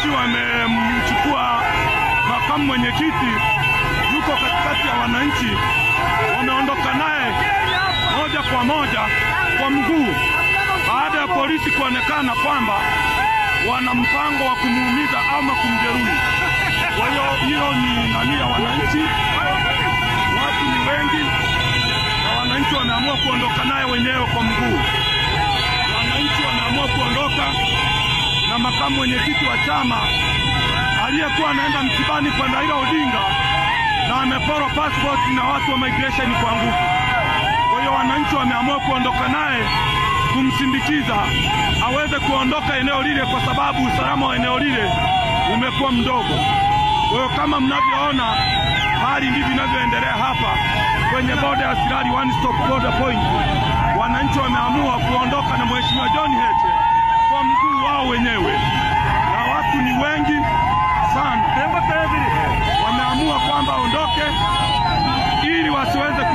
wananchi wamemchukua makamu mwenyekiti, yuko katikati ya wananchi, wameondoka naye moja kwa moja kwa mguu, baada ya polisi kuonekana kwamba wana mpango wa kumuumiza ama kumjeruhi. Kwa hiyo hiyo ni nani ya wananchi, watu ni wengi na wananchi wameamua kuondoka naye wenyewe. na makamu mwenyekiti wa chama aliyekuwa anaenda msibani kwa Raila Odinga na ameporwa passport na watu wa migration kwa nguvu. Kwa hiyo wananchi wameamua kuondoka naye kumsindikiza aweze kuondoka eneo lile, kwa sababu usalama wa eneo lile umekuwa mdogo. Kwa hiyo kama mnavyoona, hali ndivyo inavyoendelea hapa kwenye boda ya Sirari One Stop Border Point. Wananchi wameamua kuondoka na mheshimiwa John Heche watoke ili wasiweze